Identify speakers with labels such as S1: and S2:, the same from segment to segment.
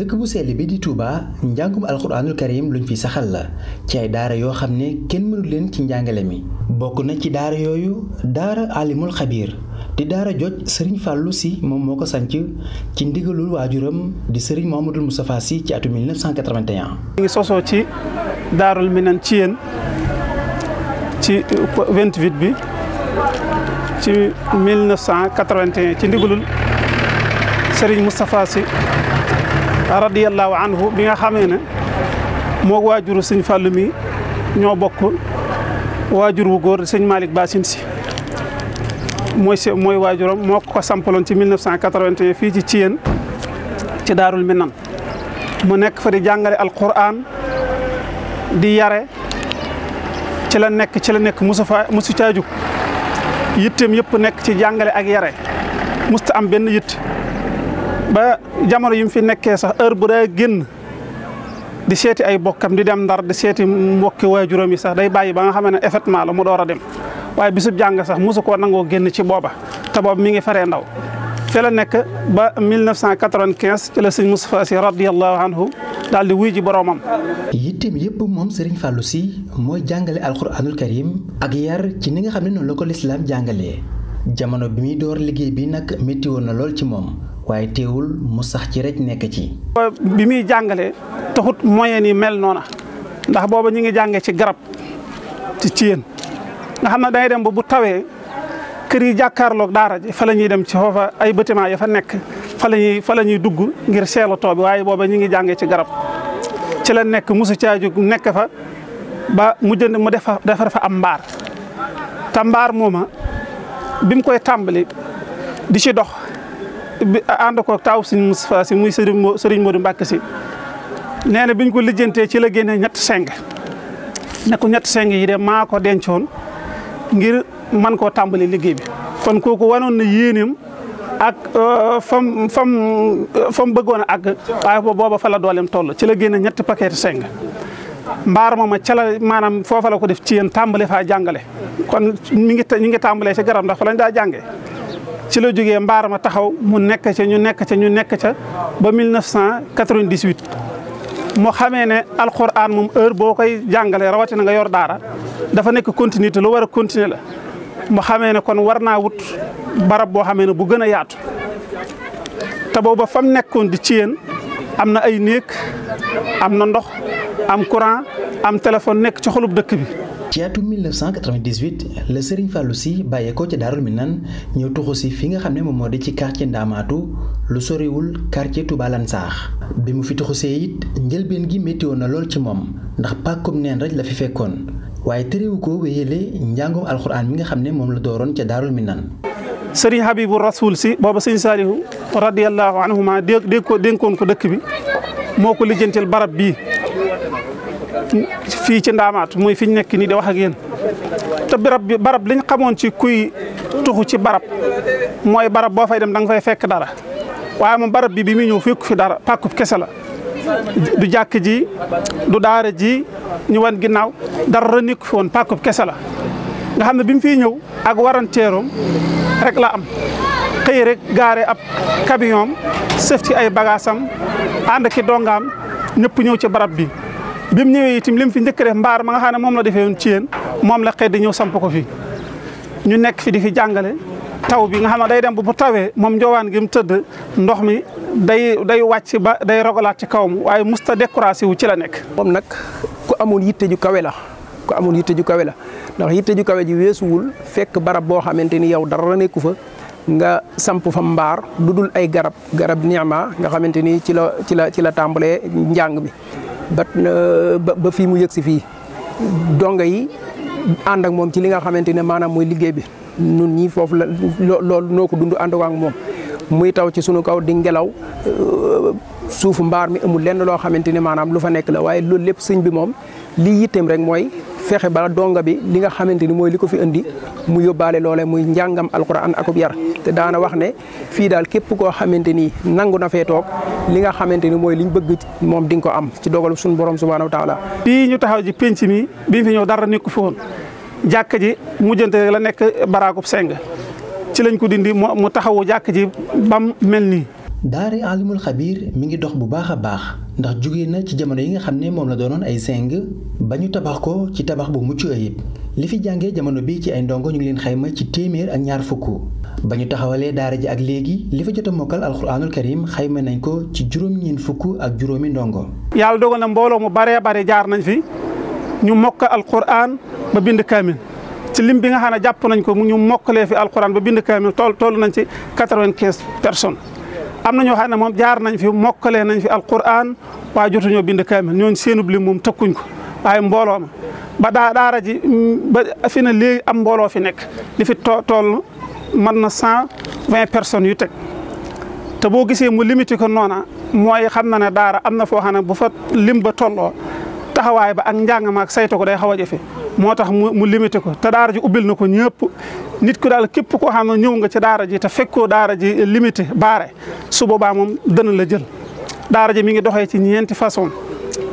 S1: dëkk bu sell bi di Touba njàngum alxuraanul karim luñ fi saxal la ci ay daara yoo xam ne kenn mënul leen ci njàngale mi bokk na ci daara yooyu daara alimul xabiir di daara joj sëriñ fàllu si moom moo ko sanc ci ndigalul waajuram di sëriñ Mouhamadul Moustapha si ci atum 1981.
S2: mi ngi sosoo ci daarul ci yéen ci 28 bi ci 1981 ci ndigalul sëriñ Moustapha si. radiyallahu anhu bi nga xamee ne moo waajuru sëñ Fàllu mi ñoo bokk waajur wu góor sëñ Malick Bassine si mooy se mooy waajuram moo ko sampaloon ci 1981 fii ci Thiène ci Daarul Minan mu nekk fa di jàngale alquran di yare ci la nekk ci la nekk musu fa musu yitteem yëpp nekk ci jàngale ak yare must am benn yitt ba jamono yi mu fi nekkee sax heure bu daa génn di seeti ay bokkam di dem ndar di seeti mbokki waajuram yi sax day bàyyi ba nga xam ne effectivement la mu door a dem waaye bisub jàng sax mosu koo nangoo génn ci booba te boobu mi ngi faree ndaw fi la nekk ba 1995 ci la sëñ Moustapha Sy radiyallahu anhu daal di wuy ji boroomam.
S1: yitteem yëpp moom Serigne Fallou si mooy jàngale alxuraanul karim ak yar ci ni nga xam ne noonu la ko lislaam jàngalee jamono bi muy door liggéey bi nag métti na lool ci moom. waaye teewul mu sax ci rek nekk
S2: ci. bi muy jàngale taxut moyen yi mel noona ndax booba ñu ngi jàngee ci garab ci ci yéen nga xam na day dem ba bu tawee kër yi jàkkaarloog daara ji fa la ñuy dem ci foofa ay bâtiment ya fa nekk fa la ñuy la ñuy dugg ngir seelo too bi waaye booba ñu ngi jàngee ci garab ci la nekk mosu caa jóg nekk fa ba mu jënd mu defa defar fa am mbaar te mbaar mooma bi mu koy tàmbali di ci dox. ànd ko taaw Sëriñ Moustapha si muy Sëriñ Sëriñ Modou si nee na biñ ko lijjantee ci la génnee ñett seng ne ko ñett seng yi de maa ko dencoon ngir man koo tàmbali liggéey bi kon kooku wanoon na yéeneem ak euh, fam fam fam bëggoon a àgg booba fala doolem dooleem toll ci la génne ñetti paquet seng mbaar mooma ca la maanaam foofa la ko def ci yéen tàmbale faa jàngale kon mi ngi ñu ngi tàmbalee ci garab ndax fa lañ daa jàngee ci la jógee mbaar ma taxaw mu nekk ca ñu nekk ca ñu nekk ca ba 1998 moo xamee ne alxuraan moom heure boo koy jàngalee rawatina nga yor daara dafa nekk continuité lu war a continuer la. mu xamee ne kon war naa wut barab boo xamee ne bu gën a yaatu te booba fam nekkoon di ci yéen am na ay néeg am na ndox am courant am téléphone nekk ci xolub dëkk bi. ci atum 1998 la Serigne Fallou si bàyyeekoo ci Daarul Minaan
S1: ñëw tuxu fi nga xam ne moom moo di ci quartier Ndaamaatu lu soriwul quartier Touba Lansar bi mu fi tuxusee it njëlbeen gi météo na lool ci moom ndax pàkkum neen rek la fi
S2: fekkoon waaye terewu ko wéyale njàngum alxuraan mi nga xam ne moom la dooroon ca Daarul Minaan sëriñ Habibu Rasoul si booba sëñ Saalihu radiyallahu anhuma dégg ko ko dëkk bi moo ko lijjantil barab bii fii ci ndaamaat muy fi ñu nekk nii de wax ak yéen te barab bi barab liñ xamoon ci kuy tuxu ci barab mooy barab boo fay dem da nga fay fekk dara waaye moom barab bi bi muy ñëw fekku fi dara pàkkub kese la du jàkk ji du daar ji ñu wan ginnaaw dara nekk fi woon pàkkub kese la nga xam ne bi mu ñëw ak waranteeroom rek la am xëy rek gaare ab camion sëf ci ay bagaasam ànd ki dongaam ñëpp ñëw ci barab bi bi mu ñëwee itam lim fi njëkk def mbaar ma nga xam ne moom la defee woon ci yéen moom la xëy di ñëw samp ko fi ñu nekk fi di fi jàngale taw bi nga xam ne day dem bu bu tawee moom njowaan gi mu tëdd ndox mi day day wàcc ba day rogalaat ci kawam waaye musta découragé wu ci la nekk. moom nag ku amoon yitte ju kawe la
S3: ku amoon yitte ju kawe la ndax yitte ju kawe ji weesuwul fekk barab boo xamante ni yow dara nekku fa. nga samp fa mbaar lu dul ay garab garab niama nga xamante ni ci la ci la ci la tàmbalee njàng bi ba ba fii mu yëg si fii donga yi ànd ak moom ci li nga xamante ne maanaam mooy liggéey bi nun ñi foofu la loolu noo ko dund ànd ak moom muy taw ci sunu kaw di ngelaw euh, suuf mbaar mi amul lenn loo xamante ne maanaam lu fa nekk la waaye loolu lépp sëñ bi moom lii yitteem rek mooy fexe ba donga bi li nga xamante ni mooy li ko fi indi mu yóbbaale loole muy njàngam alquran akub yar te daana wax ne fii daal képp koo xamante ni nangu na fee toog li nga xamante ni mooy liñ bëgg moom di ko am ci dogalu suñu borom subhaanahu wa taala
S2: fii ñu taxaw ji penc mi bi fi ñëw dara nekku fi woon jàkk ji mujjante la nekk baraakub seng ci lañ ko dindi mu taxawu jàkk ji bam mel nii
S1: daare alimul xabiir mi ngi dox bu baax a baax ndax jóge na ci jamono yi nga xam ne moom la doonoon ay zeng ba ñu tabax ko ci tabax bu mucc ayib li fi jàngee jamono bi ci ay ndongo ñu ngi leen xayma ci téeméer ak ñaar fukk ba ñu taxawalee daara ji ak léegi li fa jot a mokkal alxuraanul karim xayma nañ ko ci juróom-ñeent fukk ak juróomi ndongo.
S2: yàlla dogal na mbooloo mu baree bare jaar nañ fi ñu mokk alxuraan ba bind kaamil ci lim bi nga xam ne jàpp nañ ko mu ñu mokkalee fi alxuraan ba bind kaamil toll toll nañ ci quatre vingt personnes. am na ñoo xam ne moom jaar nañ fi mokkalee nañ fi alquran waaye jotuñoo bind kaamil ñooñ seenub lim moom tëkkuñ ko waaye mbooloo ma ba daa daara ji ba fi na léegi am mbooloo fi nekk li fi toll mën na cent vingt personnes yu teg te boo gisee mu limité ko noona mooy xam na ne daara am na foo xam ne bu fa lim ba tolloo taxawaay ba ak njàng ma ak saytu ko day xaw a jafe moo tax mu mu limité ko te daara ji ubbil na ko ñëpp nit ku daal képp ko xam ne ñëw nga ci daara ji ta fekkoo daara ji limité baare su boobaa moom dana la jël. daara ji mi ngi doxee ci ñeenti façon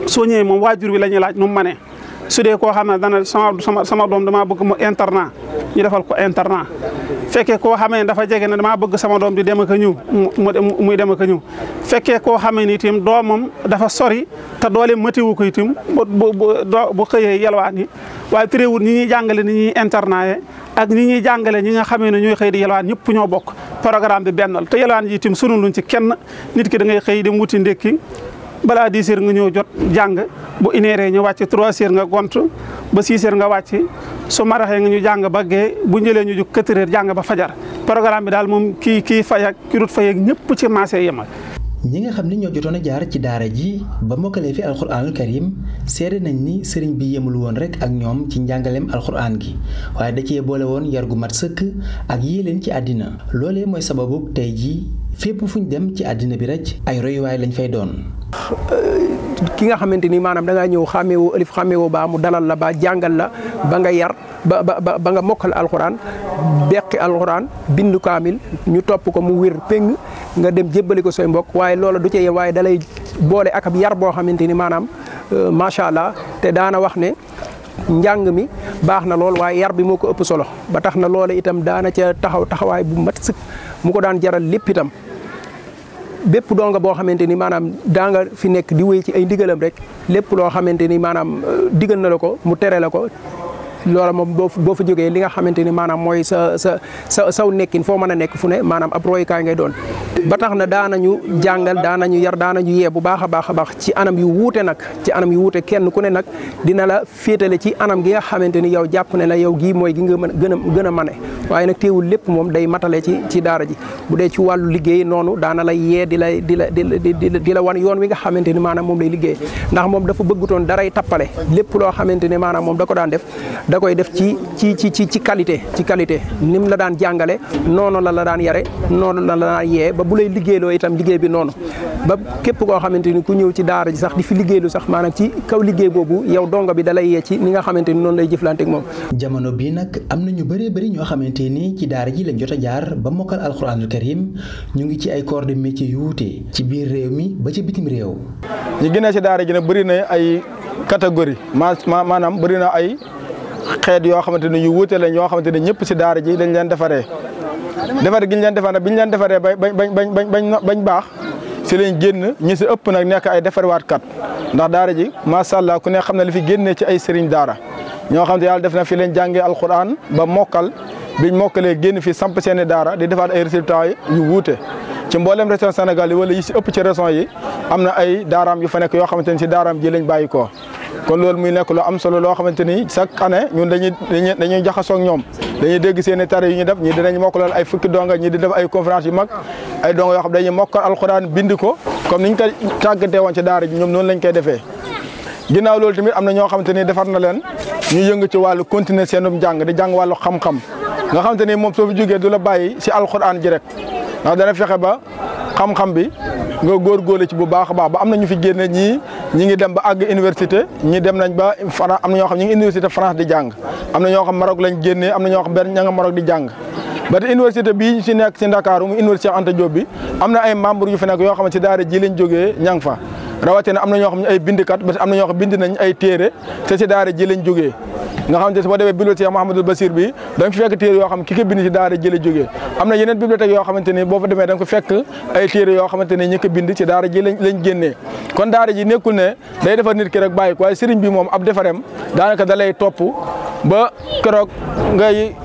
S2: soo ñëwee moom waajur wi la ñuy laaj nu mu manee su dee koo xam ne dana sama sama doom damaa bëgg mu internat ñu defal ko internat fekkee koo xamee ne dafa jege ne damaa bëgg sama doom di dem ak a ñëw muy dem ak a ñëw fekkee koo xamee ni itam doomam dafa sori te doole matiwu ko itam bu bu bu xëyee yalwaan yi waaye terewul ñi ñuy jàngale ni ñuy internat ak ñi ñuy jàngale ñi nga xamee ne ñooy xëy di yalwaan ñëpp ñoo bokk programme bi benn la te yalwaan ji itam sunu luñ ci kenn nit ki da ngay xëy dem wuti ndékki balaa 10 heures nga ñëw jot jàng bu une heure ñu wàcc 3 nga gont ba 6 nga wàcc su maraxee nga ñu jàng ba gee bu njëlee ñu jóg 4 heures jàng ba fajar programme bi daal moom kii kii fay ak ki dut fay ak ñëpp ci marché yemal.
S1: ñi nga xam ni ñoo jotoon a jaar ci daara ji ba mokkalee fi alxuraanul karim seede nañ ni sëriñ bi yemul woon rek ak ñoom ci njàngaleem alxuraan gi waaye da cee boole woon yar gu mat sëkk ak leen ci
S3: àddina loolee mooy sababu tey ji fépp fu ñu dem ci àddina bi rek ay royuwaay lañ fay doon. ki nga xamante ni maanaam da ngaa ñëw xàmmeewoo alif xàmmeewoo baa mu dalal la ba jàngal la ba nga yar ba ba ba nga mokkal alxuraan beqi alxuraan bindu kaamil ñu topp ko mu wér péng nga dem jébbali ko say mbokk waaye loola du ca yem waaye dalay boole ak ab yar boo xamante ni maanaam euh, macha allah te daana wax ne. njàng mi baax na lool waaye yar bi moo ko ëpp solo ba tax na loola itam daana ca taxaw taxawaay bu mat sëkk mu ko daan jaral lépp itam bépp donga boo xamante ni maanaam daa nga fi nekk di wéy ci ay ndigalam rek lépp loo xamante ni maanaam euh, digal na la ko mu tere la ko loola moom boo fa jógee li nga xamante ni maanaam mooy sa sa sa saw nekkin foo mën a nekk fu ne maanaam ab royukaay ngay doon ba tax na ñu jàngal daana ñu yar daana daanañu yee bu baax a baax a baax ci anam yu wuute nag ci anam yu wuute kenn ku ne nag dina la féetale ci anam gi nga xamante ni yow jàpp ne la yow gii mooy gi nga mën gën a gën a mane waaye nag teewul lépp moom day matale ci ci daara ji bu dee ci wàllu liggéey noonu daana lay yee di la di la di la wan yoon wi nga xamante ni maanaam moom lay liggéey ndax moom dafa bëggutoon daray tappale lépp loo xamante ne maanaam moom da ko daan def da koy def ci ci ci ci ci qualité ci qualité nim la daan jàngale noonu la daan yare noonu la la daan yee lay liggéeyloo itam liggéey bi noonu ba képp koo xamante ni ku ñëw ci daara ji sax di fi liggéeylu sax maanaam ci kaw liggéey boobu yow dongo bi dalay yee ci ni nga xamante ni noonu lay jëflante ak moom
S1: jamono bi nag am na ñu bëree bëri ñoo xamante ni ci daara ji lañ jot jaar ba mokkal alxuraanul karim ñu ngi ci ay corps de ci yu ci biir réew mi ba ci bitim
S4: réew ñu gënee si daara ji nag bëri na ay catégorie maanaam bëri na ay xeet yoo xamante ne yu wuute lañ xamante ne ñëpp ci daara ji lañ leen defaree defar gi ñu leen defar bi ñu leen defaree ba bañ bañ bañ bañ baax si lañ génn ñi si ëpp nag nekk ay defarwaat ndax daara ji macha allah ku ne xam na li fi génnee ci ay sëriñ daara ñoo xam te yàlla def na fi leen jàngee alquran ba mokkal biñ mokkalee génn fi samp seeni daara di defaat ay résultats yu wuute. ci mboolem région Sénégal yi wala yi si ëpp ci région yi am na ay daaraam yu fa nekk yoo xamante ni si daaram ji lañ bàyyi ko kon loolu muy nekk lu am solo loo xamante ni chaque année ñun dañuy dañuy jaxasoo ak ñoom dañuy dégg seen i yi yu ñu def ñii dinañ lool ay fukki donga ñii di def ay conférence yu mag ay donga yoo xam dañuy mokkal alxuraan bind ko comme niñ ko tàggatee woon ci daara ji ñoom noonu lañ koy defee. ginnaaw loolu tamit am na ñoo xamante ni defar na leen ñu yëngu ci wàllu continuer seenum jàng di jàng wàllu xam-xam nga xamante ni moom soo fi jógee du la bàyyi si alxuraan ji jir ndax dana fexe ba xam bi. nga góor ci bu baax a baax ba am na ñu fi génne ñii ñi ngi dem ba àgg université ñi dem nañ ba France am na ñoo xam ñi ngi université France di jàng am na ñoo xam Maroc lañ génnee am na ñoo xam benn ña nga Maroc di jàng ba te université bii ñu si nekk si Ndakaaru mu université Anta bi am na ay membre yu fi nekk yoo xam ne si daara ji lañ jógee ña nga fa rawatina am na ñoo xam ne ay bindikat parce que am na ñoo xam bind nañ ay téere te si daara ji lañ jógee nga xam ne boo demee bibliothèque Mouhamadul Basir bi da nga fi fekk téere yoo xam ki ko bind si daara ji la jógee ni boo fa demee da nga ko fekk ay téere yoo xamante ni ñi ko bind si daara ji lañ lañ génnee kon daara ji nekkul ne day defar nit ki rek bàyyi waaye sëriñ bi moom ab defarem daanaka da lay topp ba keroog ngay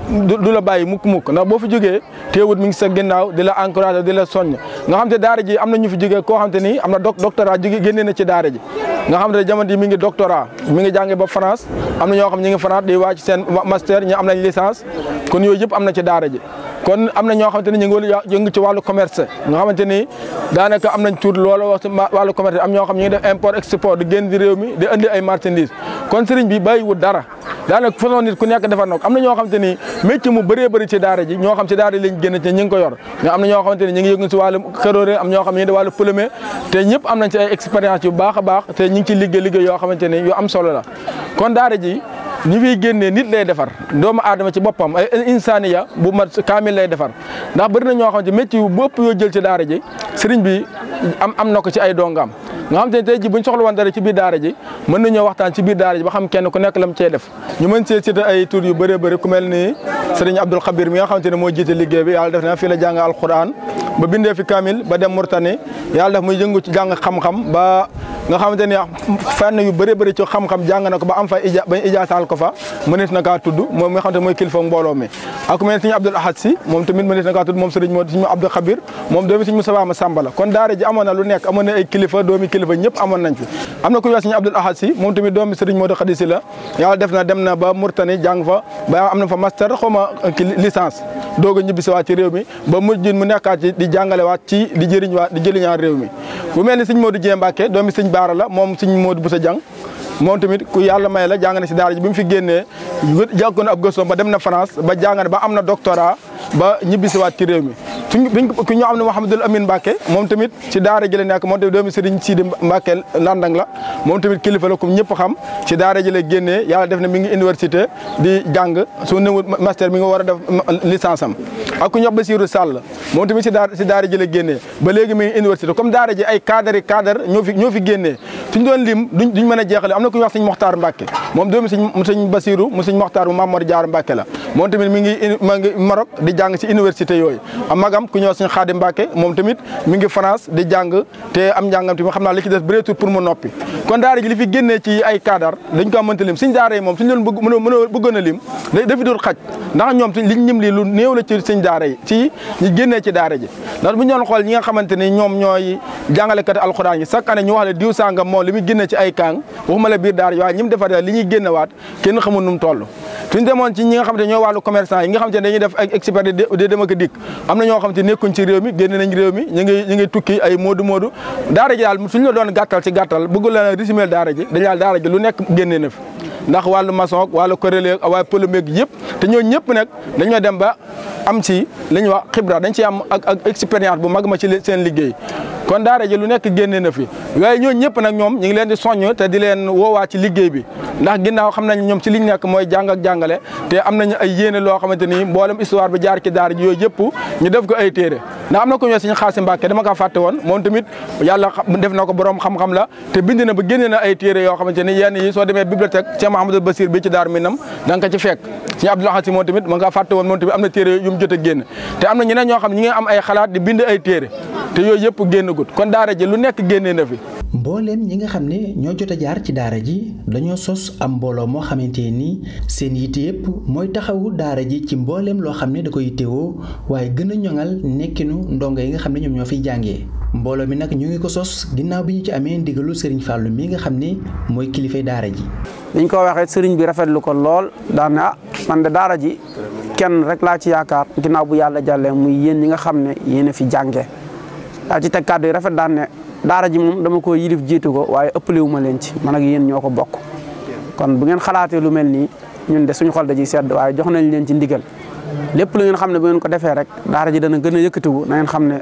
S4: du la bàyyi mukk-mukk ndax boo fi jógee teewut mi ngi sa ginnaaw di la encouragé di la soññ nga xam te daare ji am na ñu fi jógee ko xam te ni am na doctorat jóge génnee na ci daara ji nga xam ne jamono ji mi ngi doctorat mi ngi jànge ba France am na ñoo xam ñi ngi France di wàcc seen master ñu am nañ licence kon yooyu yëpp am na ci daara ji kon am na ñoo xamante ni ñu ngi yëngu ci wàllu commerce nga xamante ni daanaka am nañ tuut loola wax ci wàllu commerce am ñoo xam ñu ngi def import export di génn di réew mi di andi ay marchandises kon sëriñ bi bàyyiwul dara daanaka façon ku nekk defar na am na ñoo xamante ni métier mu bëree bëri ci daara ji ñoo xam ci daara ji lañ génn ngi ko yor nga am na ñoo xamante ni ñu ngi yëngu ci wàllu kërooré am ñoo xam ñu ngi def te ñëpp am nañ a baax te ngi ci liggéey liggéey yoo xamante ni yu am solo la kon daara ji ñi fiy génnee nit lay defar doomu aadama ci boppam ay insaaniya bu mat kaamil lay defar ndax bëri na ñoo xam ne métier bopp yoo jël ci daara ji sëriñ bi am am na ko ci ay dongam. nga xam te ne tey ji bu ñu soxla woon dara ci biir daara ji mën nañoo waxtaan ci biir daara ji ba xam kenn ku nekk lam cee def ñu mën see cité ay tur yu bëree bëri ku mel ni sëriñ Abdul Xabir mi nga xamante ne moo jiite liggéey bi yàlla def na fii la jàng alquran ba bindee fi Kamil ba dem Mourtani yàlla def muy yëngu ci jàng xam-xam ba nga xamante ne fànn yu bëree bëri ci xam-xam jàng na ko ba am fa ija bañ ijaasaal ko fa mënees na kaa tudd moom mi nga xamante ne mooy kilifa mbooloo mi ak mel sëñ Abdul Ahad si moom tamit mënees na kaa tudd moom sëriñ moo sëñ Abdul Xabir moom doomi sëñ Moussa Samba la kon daara ji amoon na lu nekk amoon na ay kilifa doomi kilifa ñëpp amoon nañ fi am na ku yor suñu Abdoul Ahad moom tamit doomi Serigne Modou Khady si la yàlla def na dem na ba Mourtani jàng fa ba am na fa master xaw ma licence doog a ci réew mi ba mujj mu nekkaat ci di jàngalewaat ci di jëriñwaat réew mi bu mel ni Serigne Modou Dieng Mbacké doomi Serigne Baara la moom Serigne Modou moom tamit ku yàlla la jàng na si daara ji bi mu fi génnee jàkkoon ab gëstoom ba dem na France ba jàng ba am na ba ñibbisiwaat ci réew mi suñ ki ñoo xam ne Mouhamadul Amine Mbacke moom tamit ci daara ji la nekk moom tamit doomi Serigne Sidi Mbacke Landang la moom tamit kilifa la comme ñëpp xam ci daara ji la génnee yàlla def na mi université di jàng su newul master mi nga war a def licence am ak ku ñuy wax Basirou Sall moom tamit ci daara ci daara ba léegi mi ngi université comme daara ji ay cadre yi cadre ñoo fi doon lim duñ duñ mën a jeexale am na ku ñuy wax sëñ Mokhtar moom doomi sëñ sëñ Basirou mu sëñ mu la di ci université yooyu am ku ñëw suñu Xaadim Mbàkke moom tamit mi France di jàng te am njàngam tamit xam naa li ci des bëreetul pour mu noppi kon daara ji ci ay cadre ndax ñoom liñ xool ñi nga xamante ñoom ñooy jàngalekat alxuraan yi chaque année ñu wax le diw sàngam moom li muy génne ci ay kaang waxuma la biir daara yi waaye ñi mu defar li ñuy génnewaat kenn xamul nu mu toll suñ ci ñi nga xamante ñooy wàllu commerçant yi nga xamante ne de di dem ak dikk am na ñoo xam te nekkuñ ci réew mi génn nañ rew mi ñu ngi ñu ngi tukki ay moodu moodu daara ji daal suñu la doon gàttal ci gàttal bëggu la résumé daara ji dañ daal daara ji lu nekk génnee na fi ndax wàllu maçon wàllu korélé waaye polomeeg yëpp te ñoo ñëpp nag dañoo dem ba am si li ñuy wax xibra dañ ci am ak ak expérience bu mag ma ci seen liggéey kon daara ji lu nekk génne na fi waaye ñooñu ñëpp nag ñoom ñu ngi leen di soññ te di leen woowaa ci liggéey bi ndax ginnaaw xam nañ ñoom ci liñ nekk mooy jàng ak jàngale te am nañu ay loo xamante ni mboolem histoire bi jaar ci daara ji yëpp ñu def ko ay na ko ñoo Sëriñ Xaasim Mbàkke dama kaa fàtte woon moom tamit yàlla def na ko borom xam-xam la te bind na ba génne na ay téere yoo xam xamante ni yenn yi soo demee bibliothèque Cheikh Mahamadou Basir bi ci Daaru Minam da nga ko ci fekk Sëriñ Abdou Lahad Si moom tamit ma nga fàtte woon moom tamit am na téere yu jot a génn te am ay xalaat bind ay téere te yëpp génn génnagut kon daara ji lu nekk génnee na fi.
S1: mbooleem ñi nga xam ne ñoo jot a jaar ci daara ji dañoo sos am mbooloo moo xamante ni seen yitte yépp mooy taxawu daara ji ci mbooleem loo xam ne da koy yittewoo waaye gën a ñoŋal nekkinu ndongo yi xam ne ñoom ñoo fiy jàngee. mbooloo mi nag ñu ngi ko sos ginnaaw bi ñu ci
S5: amee ndigalu Serigne Fallou mi nga xam ne mooy kilifay daara ji. ko waxee Serigne bi rafetlu ko lool daan na ah kenn rek laa ci yaakaar ginaaw bu yàlla jàllee muy yéen ñi nga xam ne yéen a fi jàngee. daal ci teg rafet daan ne daara ji moom dama ko yilif jiitu ko waaye ëppale wu ma leen ci man ak yéen ñoo ko bokk kon bu ngeen xalaatee lu mel nii ñun de suñu xol da ciy sedd waaye jox nañ leen ci ndigal lépp lu ngeen xam ne bu ngeen ko defee rek daara ji dana gën a yëkkatiwu na ngeen xam ne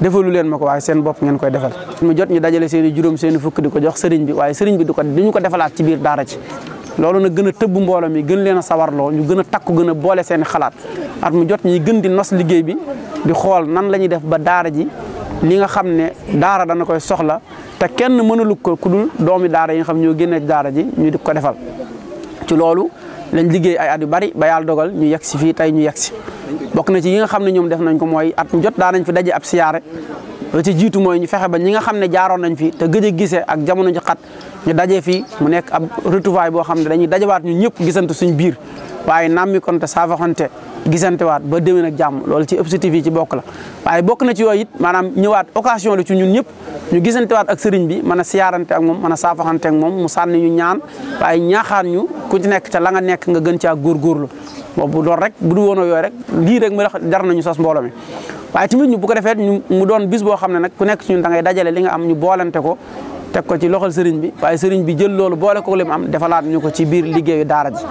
S5: defalu leen ma ko waaye seen bopp ngeen koy defal mu jot ñu dajale seen i juróom seen fukk di ko jox sëriñ bi waaye sëriñ bi di ko diñu ko defalaat ci biir daara ji loolu nag gën a tëbb mbooloo mi gën leen a sawarloo ñu gën a takku gën a boole seen xalaat at mu jot ñuy gën di nos liggéey bi di xool nan la ñuy def ba daara ji li nga xam ne daara dana koy soxla te kenn mënalu ko ku dul doomi daara yi xam ñoo génne daara ji ñu di ko defal ci loolu lañ liggéey ay at yu bari ba yàlla dogal ñu yegg si fii tey ñu yegg si bokk na ci yi nga xam ne ñoom def nañ ko mooy at jot daanañ fi daje ab siyaare la ci jiitu mooy ñu fexe ba ñi nga xam ne jaaroon nañ fi te gëj a gisee ak jamono ji ñu daje fi mu nekk ab retrouvaille boo xam ne dañuy dajawaat ñu ñëpp gisantu suñ biir waaye nammi konte saafaxonte gisante waat ba déwén ak jàmm loolu ci objectif yi ci bokk la waaye bokk na ci yooyu it maanaam ñëwaat occasion la ci ñun ñëpp ñu gisante waat sëriñ bi mën a siyaarante ak moom mën a saafaxante ak moom mu sànni ñu ñaan waaye ñaaxaan ñu ku ci nekk te la nga nekk nga gën caa góorgóorlu boobu loolu rek bu du woon yooyu rek lii rek ma jar nañu sos mbooloo mi waaye ñu bu ko defee mu doon bis boo xam ne nag ku nekk ci ñun da ngay dajale li nga am ñu boolante ko teg ko ci loxol sëriñ bi waaye sëriñ bi jël loolu boole ko li am defalaat ñu ko ci biir liggéeyu daara ji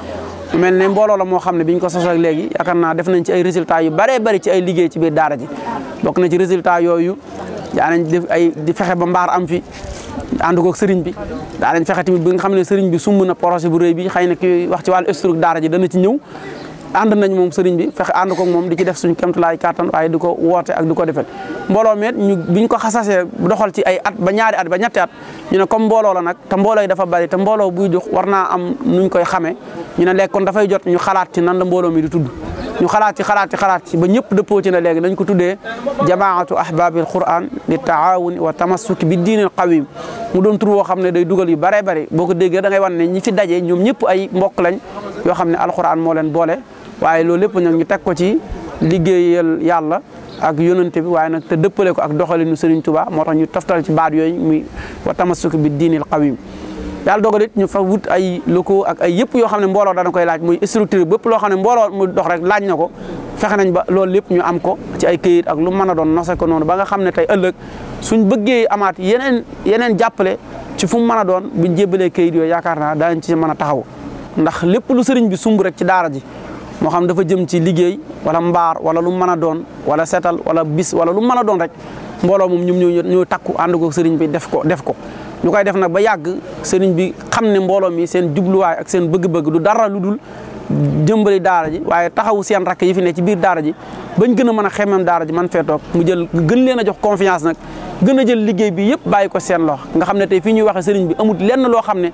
S5: mu mel ne mbooloo la moo xam ne biñ ko sos ak léegi yaakaar naa def nañ ci ay résultats yu bëree bëri ci ay liggéey ci biir daara ji bokk na ci résultat yooyu daa nañ def ay di fexe ba mbaar am fi ànd koog sëriñ bi daa nañ fexe tamit bi nga xam ne sëriñ bi sumb na projet bu rëy bi xëy na ki wax ci wàllu structure daara ji dana ci ñëw ànd nañ moom sëriñ bi fexe ànd ko moom di ci def suñu kéemtulaay kàttan waaye di ko woote ak di ko defet mbooloo meet ñu biñ ko xasasee doxal ci ay at ba ñaari at ba ñetti at ñu ne comme mbooloo la nag te mbooloo yi dafa bari te mbooloo buy dox war naa am nuñ koy xamee ñu ne léegi dafay jot ñu xalaat nan mbooloo mi di tudd ñu xalaat ci xalaat ci xalaat ci ba ñëpp dëppoo ci na léegi dañ ko tuddee jamaatu ahbabil quran li taawun wa tamassuki bi diinil qawim mu doon woo xam ne day dugal yu bëree bëri boo ko déggee da ngay wan ne ñi fi daje ñoom ñëpp ay mbokk lañ yoo xam ne alquran moo leen boole waaye loolu lépp nag ñu teg ko ci liggéeyal yàlla ak yonante bi waaye nag te dëppale ko ak doxalinu Serigne Touba moo tax ñu toftal ci baat yooyu muy wa tamassuk bi diinil qawim yàlla dogal it ñu fa wut ay locaux ak ay yëpp yoo xam ne mbooloo dana koy laaj muy structure bépp loo xam ne mbooloo mu dox rek laaj na ko fexe nañ ba loolu lépp ñu am ko ci ay këyit ak lu mën a doon nose noonu ba nga xam ne tey ëllëg suñ bëggee amaat yeneen yeneen jàppale ci fu mu mën doon buñ jébbalee këyit yooyu yaakaar naa daañ ci mën a taxaw ndax lépp lu sëriñ bi sumb rek ci daara ji moo xam dafa jëm ci liggéey wala mbaar wala lu mën a doon wala setal wala bis wala lu mën a doon rek mbooloo moom ñoom ñoo ñoo takku ànd ko sëriñ bi def ko def ko ñu koy def nag ba yàgg sëriñ bi xam ne mbooloo mi seen jubluwaay ak seen bëgg-bëgg du dara lu dul jëmbali daara ji waaye taxawu seen rakk yi fi ne ci biir daara ji bañ gën a mën a xemmeem daara ji man fee toog mu jël gën leen a jox confiance nag gën a jël liggéey bi yëpp bàyyi ko seen lox nga xam ne tey fii ñuy waxe sëriñ bi amut lenn loo xam ne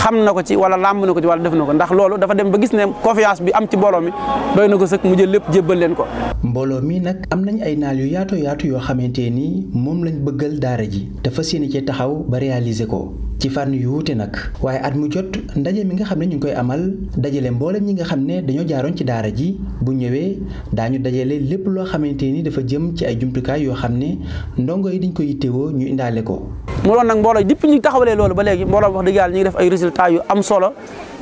S5: xam na ko ci wala làmb na ko ci wala def na ko ndax loolu dafa dem ba gis ne confiance bi am ci mbooloo mi doy na ko sëkk mu lépp jébbal leen ko.
S1: mbooloo mi am nañ ay naal yu yaatu yaatu yoo xamante ni moom lañ bëggal daara ji te fas cee taxaw ba réaliser ko ci fànn yu wuute nag waaye at mu jot ndaje mi nga xam ne ñu ngi koy amal dajale mboolem ñi nga xam ne dañoo jaaroon ci daara ji bu ñëwee daañu dajale lépp loo xamante ni dafa jëm ci ay jumtukaay yoo xam ne ndongo yi dañ ko yittewoo ñu indaale ko.
S5: mu nag mbooloo dipp ñu taxawalee loolu ba léegi résultat yu am solo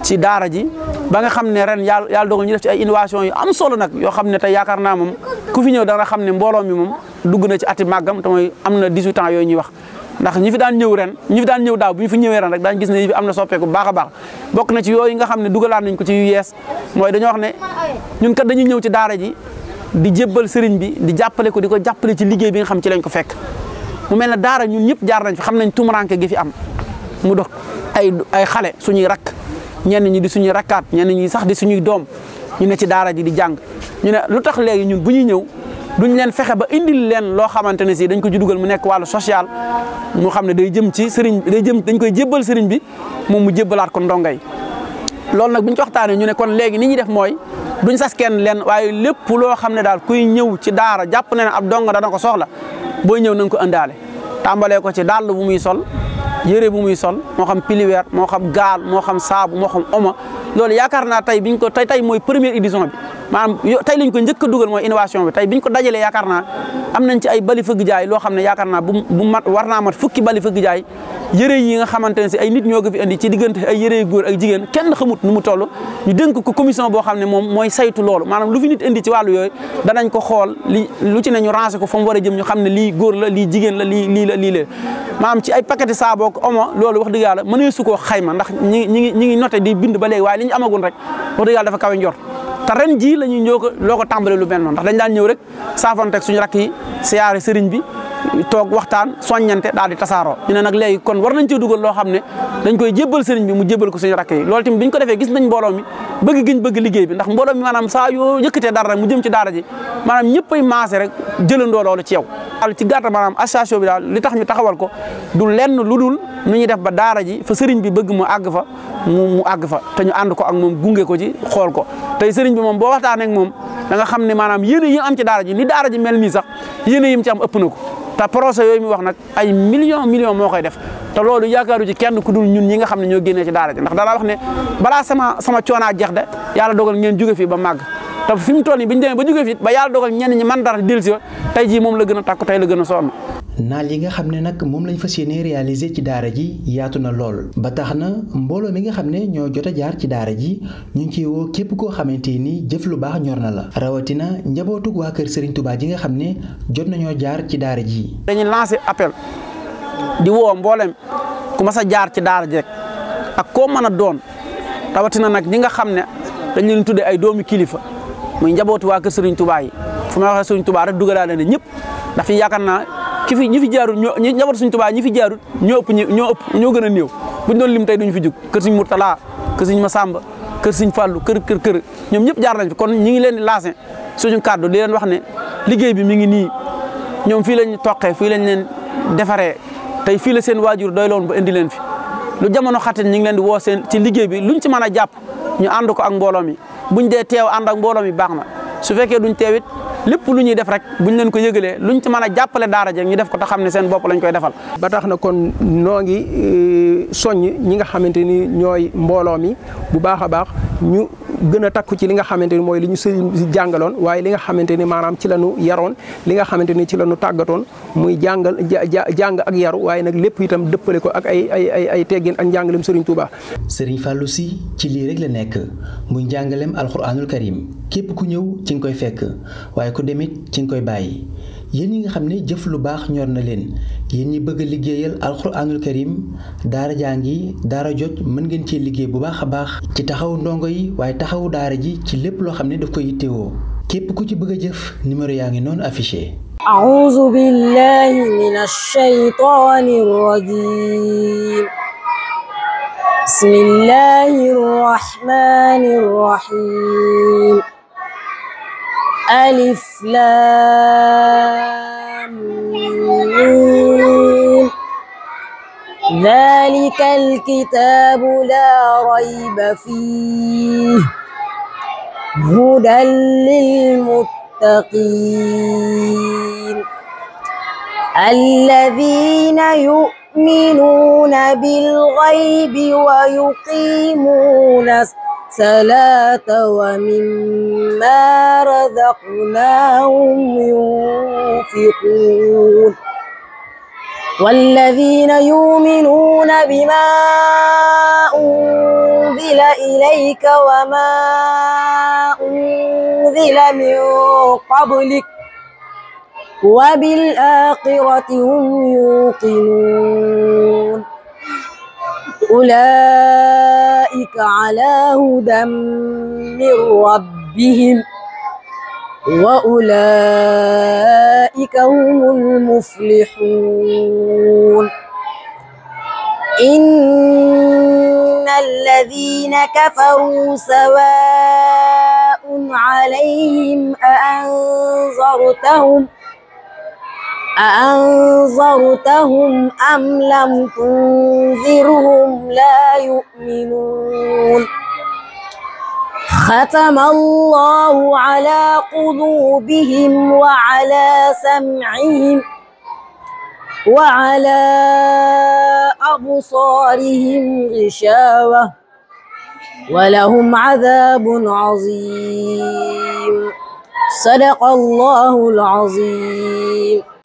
S5: ci daara ji ba nga xam ne ren yàlla yàlla dogal ñu def ci ay innovation yu am solo nag yoo xam ne tey yaakaar naa moom ku fi ñëw da nga xam ne mbooloo mi moom dugg na ci ati yooyu ñuy wax ndax ñi fi daan ñëw daaw bu ñu a baax bokk yees mooy dañoo ne ñun kat dañuy ñëw ci daara ji di jébbal sëriñ bi di jàppale ko di ko jàppale ci liggéey bi nga xam ci lañ ko fekk mu mel ne daara ñun ñëpp jaar nañ fi xam nañ tumuranke gi am mu dox ay ay xale suñuy rakk ñenn ñi di suñuy rakkaat ñenn ñi sax di suñuy doom ñu ne ci daara ji di jàng ñu ne lu tax léegi ñun bu ñuy ñëw duñ leen fexe ba indil leen loo xamante ne si dañ ko ci dugal mu nekk wàllu social mu xam ne day jëm ci sëriñ day jëm dañ koy jébbal sëriñ bi moom mu jëbbalaat ko ndongo yi loolu nag bu ñu ci ñu ne kon léegi ni ñuy def mooy duñ sas kenn leen waaye lépp loo xam ne daal kuy ñëw ci daara jàpp na ne ab dongo dana ko soxla booy ñëw na nga ko indaale tàmbalee ko ci daal bu muy sol yére bu muy sol moo xam piliweer moo xam gaal moo xam saabu moo xam oma loolu yaakaar naa tey biñ ko tey tey mooy premier édition bi maanaam yo tey lañ ko njëkk a mooy innovation bi tey biñ ko dajalee yaakaar naa am nañ ci ay bali fëgg jaay loo xam ne yaakaar naa bu bu mat war naa mat fukki bali fëgg jaay yëre yi nga xamante ne si ay nit ñoo ko fi indi ci diggante ay yëre góor ak jigéen kenn xamut nu mu toll ñu dénk ko commission boo xam ne moom mooy saytu loolu maanaam lu fi nit indi ci wàllu yooyu danañ ko xool li lu ci ne ñu rancé ko fa mu war a jëm ñu xam ne lii góor la lii jigéen la lii lii la lii la maanaam ci ay paquet saaboo ko omo loolu wax dëgg yàlla mënee su koo xayma ndax ñi ngi ñi ngi noté di bind ba léegi waaye li ñu amagoon rek wax dëgg yàlla dafa kawe njor la ñuy ñëw ko loo ko tàmbale lu mel noonu ndax dañ daan ñëw rek saafonteeg suñu rakk yi bi toog waxtaan soññante daal di tasaaroo ñu ne nag léegi kon war nañ cee dugal loo xam ne dañ koy jébbal sëriñ bi mu jébbal ko suñu rakk yi loolu tamit bi ñu ko defee gis nañ mbooloo mi bëgg giñ bëgg liggéey bi ndax mbooloo mi maanaam saa yoo yëkkatee dara mu jëm ci daara ji maanaam ñëppay maase rek jëlandoo loolu ci yow daal ci gàttal maanaam association bi daal li tax ñu taxawal ko du lenn lu dul nu ñu def ba daara ji fa sëriñ bi bëgg mu àgg fa mu àgg fa te ñu ànd ko ak moom gunge ko ci xool ko te seriñ bi moom boo waxtaanee moom da nga xam ne maanaam yéene yi am ci daara ji ni daara ji mel nii sax yéene yim ci am ëpp na ko te projet yooyu mu wax nag ay million million moo koy def te loolu yaakaaru ci kenn ku dul ñun ñi nga xam ne ñoo génnee ci daara ji ndax dalaa wax ne balaa sama sama coonaa jeex de yàlla dogal ngeen jóge fi ba màgg te fi mu toll nii bi ñu ba jóge fi ba yàlla dogal ñen ñi man dara dellusi tey jii moom la gën a tàkku tey la gën a
S1: naal yi nga xam ne nag moom lañu fas yéene réaliser ci daara ji yaatu na lool ba tax na mbooloo mi nga xam ne ñoo jot a jaar ci daara ji ñu ngi ciy woo képp koo xamante ni jëf lu baax ñor na la rawatina njabootug waa kër Serigne Touba ji nga xam ne jot nañoo jaar ci daara ji.
S5: dañuy lancer appel di woo mboolem ku mas a jaar ci daara ji rek ak koo mën a doon rawatina nag ñi nga xam ne dañ leen tuddee ay doomi kilifa muy njabootu waa kër Serigne Touba fu ma waxee Serigne Touba rek dugg daal ne ñëpp dafa yaakaar naa ki fi ñi fi jaarut ñoo ñi njabootu suñ tubaa ñi fi jaarut ñoo ëpp ñoo ëpp ñoo gën a néew buñ doon lim tey duñu fi jug kër suñ Murtala kër suñ Masamba kër suñ Fàllu kër kër kër ñoom ñëpp jaar nañ fi kon ñi ngi leen di lancé suñu kàddu di leen wax ne liggéey bi mi ngi nii ñoom fii lañ toqee fii lañ leen defaree tey fii la seen waajur doy ba indi leen fi lu jamono xatin ñi ngi leen di woo seen ci liggéey bi luñ ci mën a jàpp ñu ànd ko ak mbooloo mi buñ dee teew ànd ak mbooloo mi baax na su fekkee duñ teewit lépp lu ñuy def rek buñ leen ko yëgalee luñ ci mën a jàppale daara jeeg ñu def ko te xam ne seen bopp lañ koy defal. ba tax
S3: na kon noo ngi euh, soññ ñi nga xamante ni ñooy mbooloo mi bu baax a baax ñu gën a takku ci li nga xamante ni mooy li ñu sëriñ si jàngaloon waaye li nga xamante ni maanaam ci la ñu yaroon li nga xamante ni ci la ñu tàggatoon muy jàngal jàng ak yaru waaye nag lépp itam dëppale ko ak ay ay ay ay teggin ak njàngalem sëriñ Touba.
S1: sëriñ Fallou si ci lii rek la nekk muy njàngalem alxuraanul karim képp ku ñëw ci koy fekk ko demit ci nga koy bàyyi yéen ñi nga xam ne jëf lu baax ñor na leen yéen ñi bëgg a liggéeyal alxuraanul karim jaa ngi daara jot mën ngeen cee liggéey bu baax a baax ci taxaw ndongo yi waaye taxawu daara ji ci lépp loo xam ne daf koy yittewoo képp ku ci bëgg a jëf numéro yaa ngi noonu affiché
S6: أعوذ بالله من الشيطان الرجيم بسم ألف لام ميم ذلك الكتاب لا ريب فيه هدى للمتقين الذين يؤمنون بالغيب ويقيمون الصلاة الصلاة ومما رزقناهم ينفقون والذين يؤمنون بما أنزل إليك وما أنزل من قبلك وبالآخرة هم يوقنون أولئك على هدى من ربهم وأولئك هم المفلحون إن الذين كفروا سواء عليهم أأنذرتهم ۖ أأنظرتهم أم لم تنذرهم لا يؤمنون ختم الله على قلوبهم وعلى سمعهم وعلى أبصارهم غشاوة ولهم عذاب عظيم صدق الله العظيم